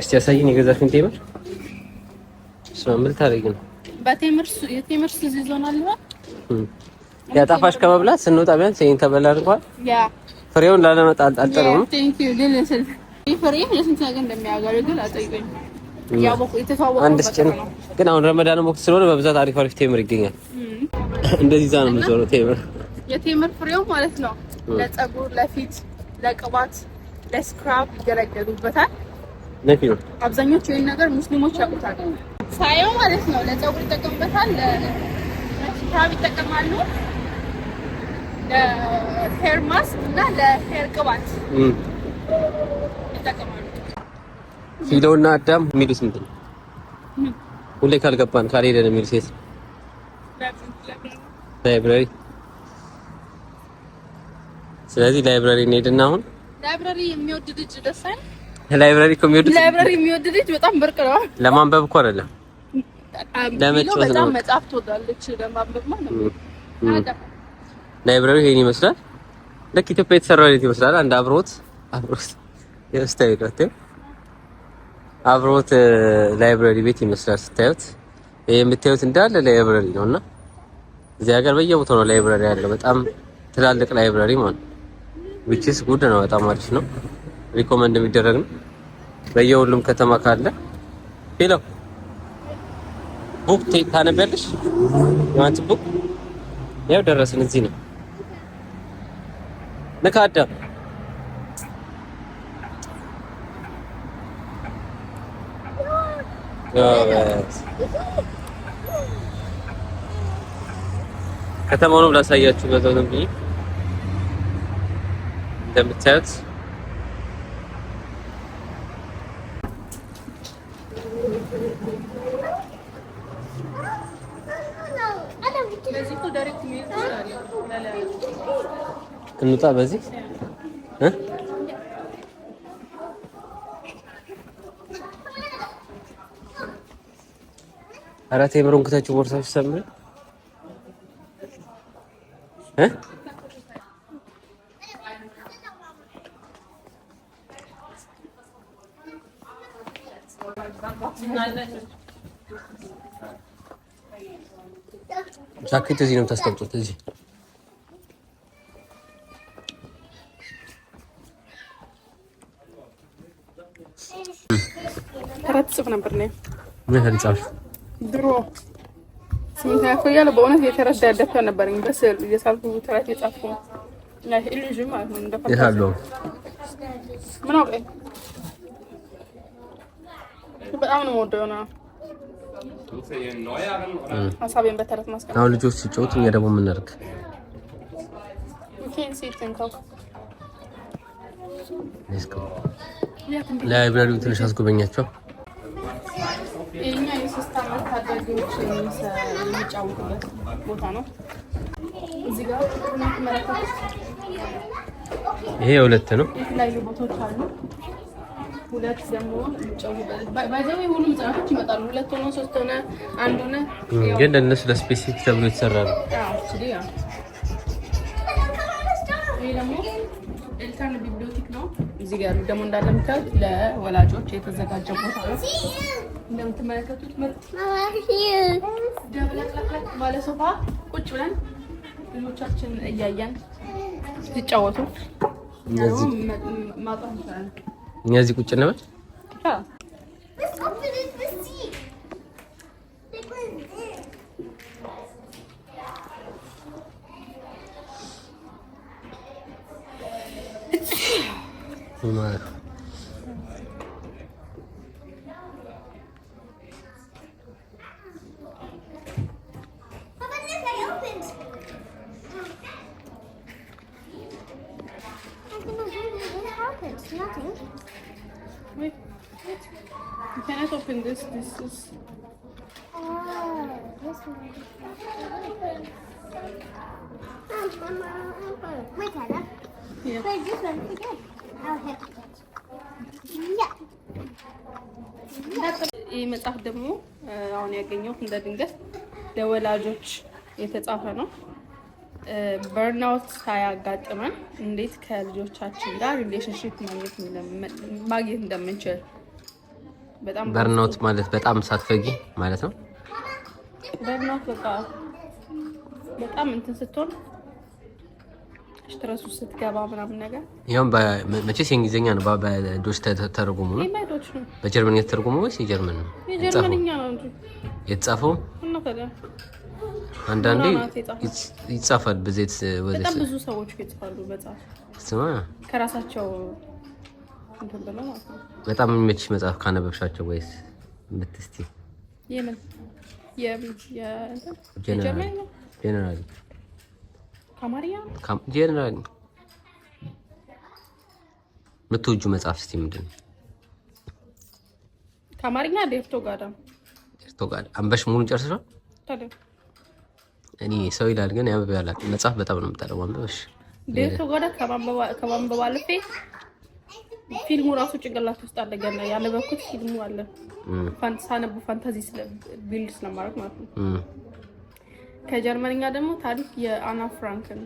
እስቲ ያሳየን። የገዛሽን ቴምር ስማምል ታደርጊ ነው። በቴምር የቴምር ሱዝ ይዞናል። ያ ጣፋጭ ከመብላት ስንወጣ ቢያንስ ይሄን ከበላን እንኳን ያ ፍሬውን ላለመጣል አልጠሩም። ግን አሁን ረመዳን ወቅት ስለሆነ በብዛት አሪፍ አሪፍ ቴምር ይገኛል። እንደዚህ ዛ ነው የምትሆነው ቴምር የቴምር ፍሬው ማለት ነው። ለጸጉር፣ ለፊት፣ ለቅባት፣ ለስክራብ ይገለገሉበታል። ነፊ ነው። አብዛኞቹ ይህን ነገር ሙስሊሞች ያውቁታል። ሳየው ማለት ነው ለፀጉር ይጠቀሙበታል፣ ለሽታብ ይጠቀማሉ፣ ለሄር ማስክ እና ለሄር ቅባት ይጠቀማሉ። ፊሎና አዳም የሚሉት ምንድን ነው? ሁሌ ካልገባን ካልሄደን የሚል ሴት ላይብራሪ። ስለዚህ ላይብራሪ እንሄድና አሁን ላይብራሪ የሚወድ ልጅ ደሳይን ላይብራሪ እኮ የሚወዱት ላይብራሪ የሚወድ ልጅ በጣም ብርቅ ነው። ለማንበብ እኮ አይደለም ለመጫወት ነው። በጣም መጽሐፍ ትወዳለች፣ ለማንበብ ማለት ነው። ላይብራሪ ይሄን ይመስላል። ልክ ኢትዮጵያ የተሰራው ቤት ይመስላል። አንድ አብሮት አብሮት የስታይል አብሮት ላይብራሪ ቤት ይመስላል ስታዩት። ይሄ የምታዩት እንዳለ ላይብራሪ ነውና እዚህ ሀገር በየቦታው ነው ላይብራሪ ያለው። በጣም ትላልቅ ላይብራሪ ማለት ነው። ዊችስ ጉድ ነው። በጣም አሪፍ ነው። ሪኮመንድ የሚደረግ ነው። በየሁሉም ከተማ ካለ ሄሎ ቡክ ታነቢያለሽ? የማንት ቡክ ያው ደረስን። እዚህ ነው ንካዳ ከተማውንም ላሳያችሁ በዛው ነው ብዬ እንደምታዩት እንውጣ በዚህ አራት የምሮንክታችሁ ቦርሳችሁ ሰምን ጃኬት እዚህ ነው የምታስቀምጡት? እዚህ አራት ነበር ነው ምን ድሮ በእውነት የተረዳ ደብተር ነበረኝ። በስዕል እየሳልኩ ትራት የጻፍኩ ማለት ነው። በጣም ነው የምወደው ነው። ሀሳቤን በተረት ማስቀመጥ። አሁን ልጆች ሲጫወት እኛ ደግሞ የምናደርግ ላይብራሪው ትንሽ አስጎበኛቸው። የኛ የሶስት ዓመት ታዳጊዎች የሚጫወቱበት ቦታ ነው። እዚህ ጋር ይሄ የሁለት ነው። የተለያዩ ቦታዎች አሉ። ሁለት ደግሞ ባይዘው ሁሉም ጽናቶች ይመጣሉ። ሁለት ሆነ፣ ሶስት ሆነ፣ አንድ ሆነ ግን ለእነሱ ለስፔሲፊክ ተብሎ የተሰራ ነው። ይሄ ደግሞ ኤልካን ቢብሊዮቴክ ነው። እዚህ ጋር ደግሞ እንዳለ የምታዩት ለወላጆች የተዘጋጀ ቦታ ነው። እንደምትመለከቱት ደብለቅለቅለቅ ባለ ሶፋ ቁጭ ብለን ልጆቻችን እያየን ሲጫወቱ ማጣት ይችላል። እኛ እዚህ ቁጭ እንበል Wait. You cannot open this. This is. Oh, this one. Wait, Anna. Yeah. Wait, this one again. I'll help you. Yeah. ይህ መጽሐፍ ደግሞ አሁን ያገኘሁት እንደ ድንገት ለወላጆች የተጻፈ ነው። በርናውት ሳያጋጥመን እንዴት ከልጆቻችን ጋር ሪሌሽንሽፕ ማግኘት ማግኘት እንደምንችል በርናውት ማለት በጣም ሳትፈጊ ማለት ነው። በርናውት በቃ በጣም እንትን ስትሆን ስትረሱ ስትገባ ምናምን ነገር ይኸውም መቼስ የእንግሊዝኛ ነው በዶች ተተርጉሙ ነው በጀርመን የተተርጉሙ ወይስ የጀርመን ነው የጀርመንኛ ነው እንጂ የተጻፈው አንዳንዴ ይጻፋል በዘይት በጣም ብዙ ሰዎች ይጽፋሉ። በጻፍ ስማ ከራሳቸው በጣም የሚመችሽ መጽሐፍ ካነበብሻቸው ወይስ ምትስቲ የምን ጀነራል ከማሪያ ጀነራል ምትወጁ መጽሐፍ እስቲ ምንድን ነው? ከአማርኛ ዴርቶጋዳ ዴርቶጋዳ አንበሽ ሙሉን እኔ ሰው ይላል ግን ያንብብ ያላት መጽሐፍ በጣም ነው የምጠለው። ማንበብሽ ቤቱ ጋር ከማንበብ አልፌ ፊልሙ ራሱ ጭንቅላት ውስጥ አለ። ገና ፊልሙ አለ። ሳነቡ ፋንታዚ ቢልድ ስለማድረግ ማለት ነው። ከጀርመንኛ ደግሞ ታሪክ የአና ፍራንክን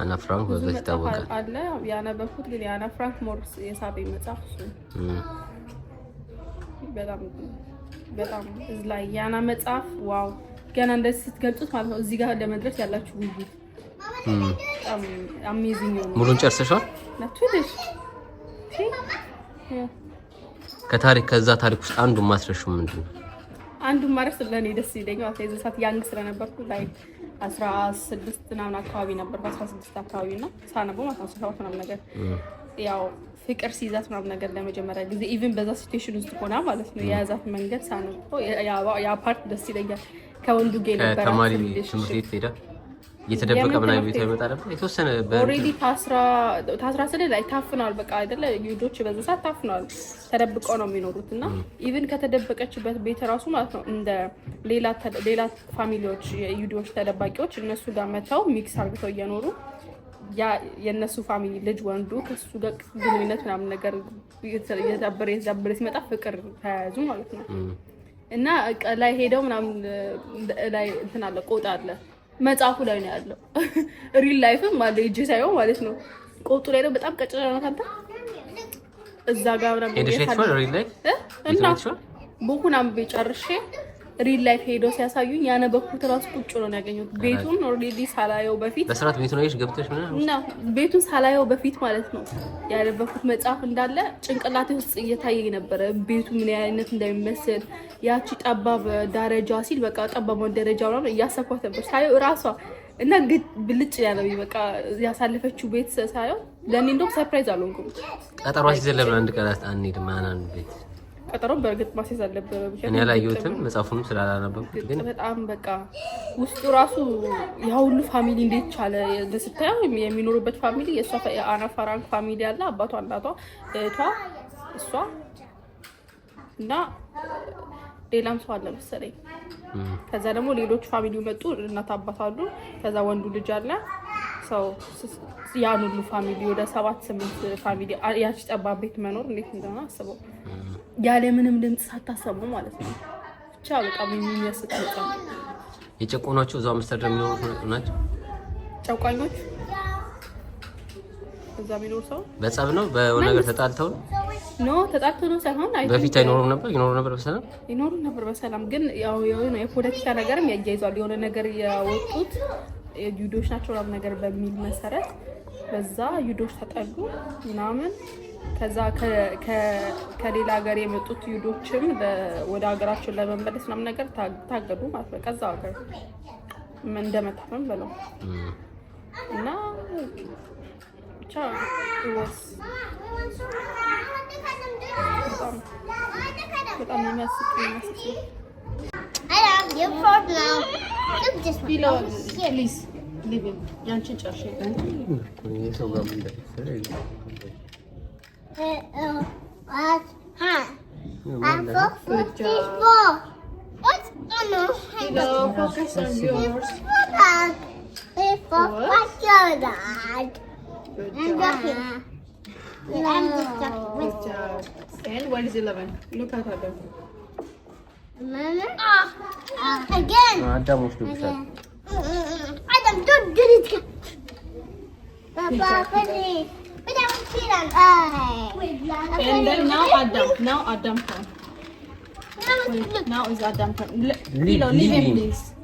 አና ፍራንክ በብዛት ይታወቃል አለ። ያነበኩት ግን የአና ፍራንክ ሞርስ የሳበኝ መጽሐፍ እሱ በጣም በጣም እዚህ ላይ የአና መጽሐፍ ዋው ገና እንደዚህ ስትገልጹት ማለት ነው እዚህ ጋር ለመድረስ ያላችሁ ጉጉት አሜዚንግ ነው። ሙሉን ጨርሰሻል? ናቱልሽ ከታሪክ ከዛ ታሪክ ውስጥ አንዱ ማስረሹ ምንድን ነው? አንዱ ማረስ ለኔ ደስ ይለኛል። አታ የዛ ሰዓት ያንግ ስለነበርኩ ላይ 16 ምናምን አካባቢ ነበር 16 አካባቢ እና ሳነበው ማለት ነው 17 ምናምን ነገር ያው ፍቅር ሲይዛት ምናምን ነገር ለመጀመሪያ ጊዜ ኢቭን በዛ ሲትዌሽን ውስጥ ሆና ማለት ነው የያዛት መንገድ ሳነበው ያ ፓርት ደስ ይለኛል። ከወንዱ ጌ ነበር ተማሪ ትምህርት ቤት ሄዳ እየተደበቀ ምናምን ቤት ይመጣ ነበር። የተወሰነ ኦልሬዲ ታስራ ስልል ላይ ታፍናል። በቃ አይደለ ልጆች በዛ ሰዓት ታፍነዋል፣ ተደብቀው ነው የሚኖሩት እና ኢቭን ከተደበቀችበት ቤት ራሱ ማለት ነው እንደ ሌላ ፋሚሊዎች የዩዲዎች ተደባቂዎች እነሱ ጋር መተው ሚክስ አርግተው እየኖሩ ያ የእነሱ ፋሚሊ ልጅ ወንዱ ከሱ ጋር ግንኙነት ምናምን ነገር እየተዳበረ እየተዳበረ ሲመጣ ፍቅር ተያያዙ ማለት ነው። እና ላይ ሄደው ምናምን ላይ እንትን አለ ቆጣ አለ መጽሐፉ ላይ ነው ያለው። ሪል ላይፍም አለ እጅ ሳይሆን ማለት ነው። ቆጡ ላይ ነው በጣም ቀጭ ነው አንተ እዛ ጋር ምናምን እና ቡኩን አንብቤ ጨርሼ ሪል ላይፍ ሄዶ ሲያሳዩኝ ያነበብኩት ራሱ ቁጭ ነው ያገኘሁት። ቤቱን ኦልሬዲ ሳላየው በፊት በስርዓት ቤቱን አየሽ ገብተሽ ምናምን ነው ቤቱን ሳላየው በፊት ማለት ነው ያነበብኩት መጽሐፍ እንዳለ ጭንቅላቴ ውስጥ እየታየ ነበረ። ቤቱ ምን አይነት እንደሚመስል ያቺ ጠባብ ደረጃ ሲል በቃ ጠባብ ደረጃ ምናምን እያሰብኳት ነበር ሳየው እራሷ እና ብልጭ ያለው በቃ ያሳለፈችው ቤት ሳየው ለእኔ እንደውም ሰርፕራይዝ አልሆንኩም። ቀጠሯ ሲዘለብ አንድ ቀን አንሄድም ቤት ቀጠሮ በእርግጥ ማስያዝ አለበት። እኔ አላየሁትም መጽሐፉንም ስላላነበብኩት ግን በጣም በቃ ውስጡ ራሱ ያ ሁሉ ፋሚሊ እንዴት ቻለ ስታየው የሚኖሩበት ፋሚሊ የእሷ የአና ፍራንክ ፋሚሊ አለ አባቷ፣ እናቷ፣ እህቷ፣ እሷ እና ሌላም ሰው አለ መሰለኝ። ከዛ ደግሞ ሌሎች ፋሚሊ መጡ። እናት አባት አሉ። ከዛ ወንዱ ልጅ አለ ሰው ያን ሁሉ ፋሚሊ ወደ ሰባት ስምንት ፋሚሊ ያቺ ጠባብ ቤት መኖር እንዴት እንደሆነ አስበው። ያለ ምንም ድምፅ ሳታሰሙ ማለት ነው። ብቻ በጣም የሚያስቅ በጣም የጨቆናቸው እዛው አምስተርዳም የሚኖሩት ናቸው ጨቋኞች። እዛ ቢኖር ሰው በጸብ ነው በሆነ ነገር ተጣልተው ነው ኖ ተጣልተው ነው ሳይሆን በፊት አይኖሩም ነበር ይኖሩ ነበር በሰላም ይኖሩ ነበር በሰላም ግን ያው የሆነ የፖለቲካ ነገርም ያያይዟል። የሆነ ነገር ያወጡት ዩዶች ናቸው ምናምን ነገር በሚል መሰረት በዛ ዩዶች ተጠሉ ምናምን ከዛ ከሌላ ሀገር የመጡት ዩዶችም ወደ ሀገራቸው ለመመለስ ምናምን ነገር ታገዱ ማለት ነው። ከዛ ሀገር እንደመታፈን በለው እና ብቻ ወስ በጣም የሚመስል የሚመስል ያንቺን ጨርሽ What? Good job. What's on the hand? No, focus on yours. It's Good job. Good job. And what is 11? Look at her dog. Ah, again. Ah, double flip shot. Adam, don't do it. Papa, please. We don't see them. And then now Adam, Now Adam them. Wait, now is Adam them. Lilo, leave him please.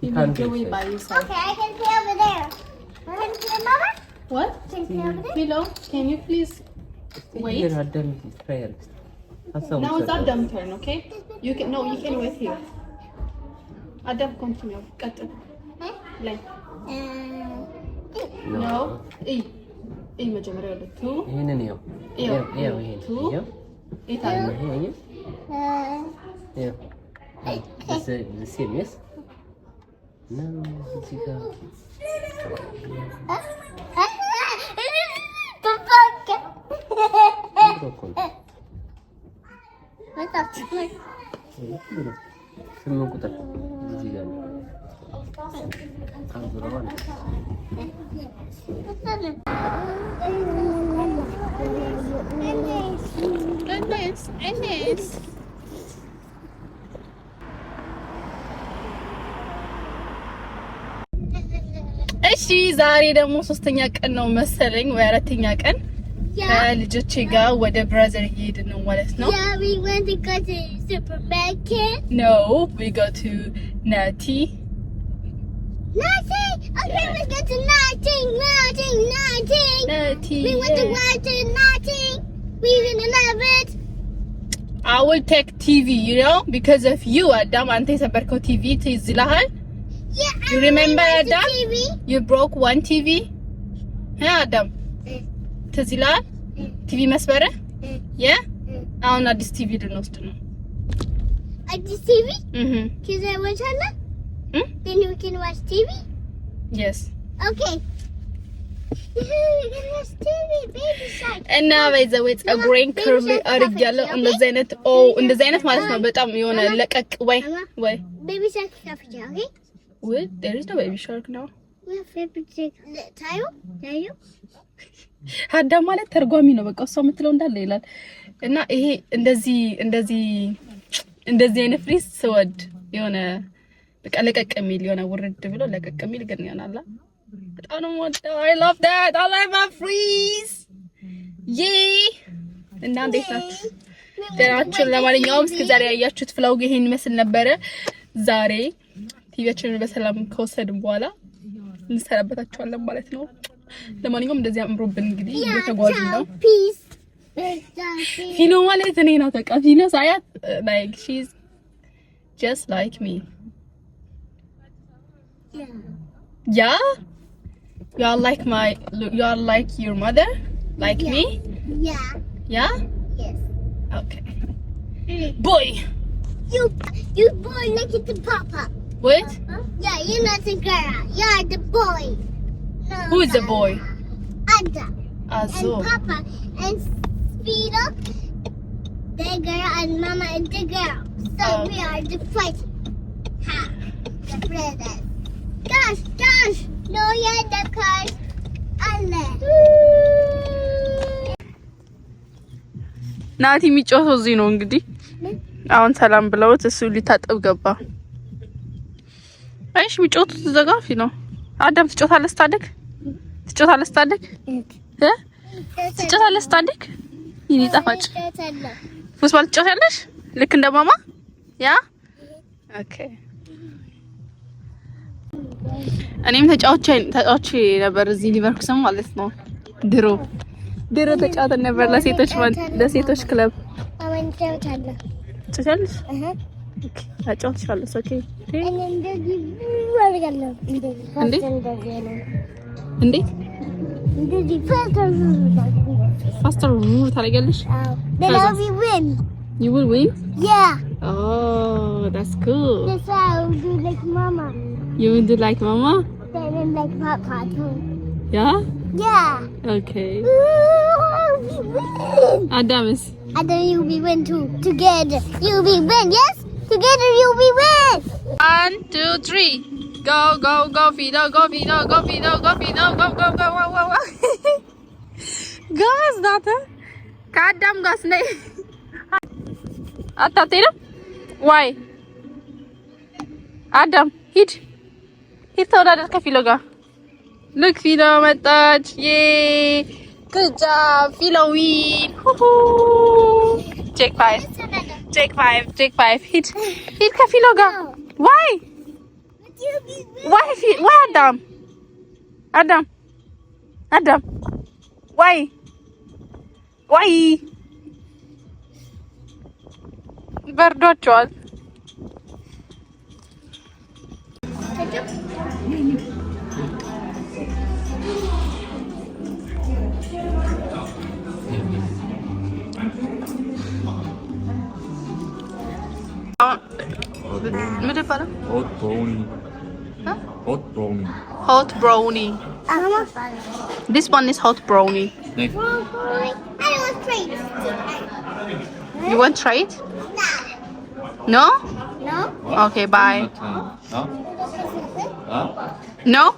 He can go away by himself. Okay, I can see over there. Can you play, Mama? What? Can you play over there? Lilo, can you please wait? Here, add them his prayer. Now it's Adam turn, okay? You can no, you can wait here. Adam continue. Cut it. Like. Uh, no. E. E, إيه مجمرة two. هنا نيو. إيه two, eight hundred. Yeah. Yeah. yeah. yeah. The, same, the same, yes? No, it's ስምንት ቁጥር እዚህ ጋር ነው። Enes. እሺ ዛሬ ደግሞ ሶስተኛ ቀን ነው መሰለኝ ወይ አራተኛ ቀን ከልጆቼ ጋር ወደ ብራዘር እየሄድን ነው ማለት ነው። ኖ ዊ ጎ ቱ ናቲ ናቲ I will take TV, you know? Because of you, Adam, ante sabarko TV to Zilahal. Yeah, I You remember, Adam? TV. You broke one TV? Yeah, Adam. Mm. To Zilahal? Mm. TV mas bare? Mm. Yeah? I'll not this TV the most. This TV? Mm mm-hmm. hmm. Can I watch was on Then you can watch TV? Yes. Okay. እና ባይዘው ፀጉሬን ክርል አድርጌያለሁ። እንደዚህ አይነት ኦ እንደዚህ አይነት ማለት ነው። በጣም የሆነ ለቀቅ ወይ ወይ ቤቢ ሻርክ ካፍጃሪ ወይ there is no baby shark now አዳም ማለት ተርጓሚ ነው። በቃ እሷ የምትለው እንዳለ ይላል። እና ይሄ እንደዚህ እንደዚህ እንደዚህ አይነት ፍሪስ ስወድ የሆነ በቃ ለቀቅ የሚል የሆነ ውርድ ብሎ ለቀቅ የሚል ግን ይሆናል I don't want that. I love that. I my freeze. እና እንዴት ናችሁ? ደህናችሁን? ለማንኛውም እስከ ዛሬ ያያችሁት ፍላውግ ይሄን ይመስል ነበረ። ዛሬ ቲቪያችንን በሰላም ከወሰድን በኋላ እንሰናበታችኋለን ማለት ነው። ለማንኛውም እንደዚህ አምሮብን እንግዲህ እየተጓዙ ነው። ፊኖ ማለት እኔ ናት። በቃ ፊኖ ሳያት ላይክ ሺ ኢዝ ጀስት ላይክ ሚ ያ You are like my you are like your mother? Like yeah. me? Yeah. Yeah? Yes. Okay. Boy. You you boy look at the papa. What? Yeah, you're not the girl. You're the boy. No, Who is the boy? Ada. Ah, and Papa and Speedo, the girl, and Mama and the girl. So ah. we are the fighting. Ha! The brothers. Gosh, gosh! ናቲ የሚጫወተው እዚህ ነው። እንግዲህ አሁን ሰላም ብለውት እሱ ሊታጠብ ገባ። አይሽ የሚጫወቱት ተዘጋፊ ነው። አዳም ትጫወታለህ ስታድግ ትጫወታለህ ስታድግ እ ትጫወታለህ ስታድግ ይሄ ጣፋጭ ፉትቦል ትጫወታለሽ ልክ እንደ ማማ ያ ኦኬ እኔም ተጫዎች ነበር እዚህ ሊቨርኩሰን ማለት ነው። ድሮ ድሮ ተጫውተን ነበር ለሴቶች ለሴቶች ክለብ እንዴት ታደርጊያለሽ? You will win? Yeah. Oh, that's cool. That's why I will do like mama. You will do like mama? They didn't like my cartoon. Yeah? Yeah. Okay. Adamus. Adam, you'll be win too. Together, you'll be win. Yes? Together, you'll be win. One, two, three. Go, go, go, Fido, go, Fido, go, Fido, go, Fido, go, go, go, go, go, go. Go, is that her? Goddamn, Gus, nay. Atatina? Why? Adam, hit. የተወዳደር ከፊሎ ጋር ልክ ፊሎ መጣች። ዬ ግድ ጃብ ፊሎ ዊን። ቼክ ፋይቭ ቼክ ፋይቭ ቼክ ፋይቭ። ሂድ ሂድ ከፊሎ ጋር ዋይ ዋይ ዋይ አዳም አዳም አዳም ዋይ ዋይ በርዷቸዋል። Mitä pala? Hot brownie. Hot brownie. Hot brownie. This one is hot brownie. You want to try it? No. No? Okay, bye. No?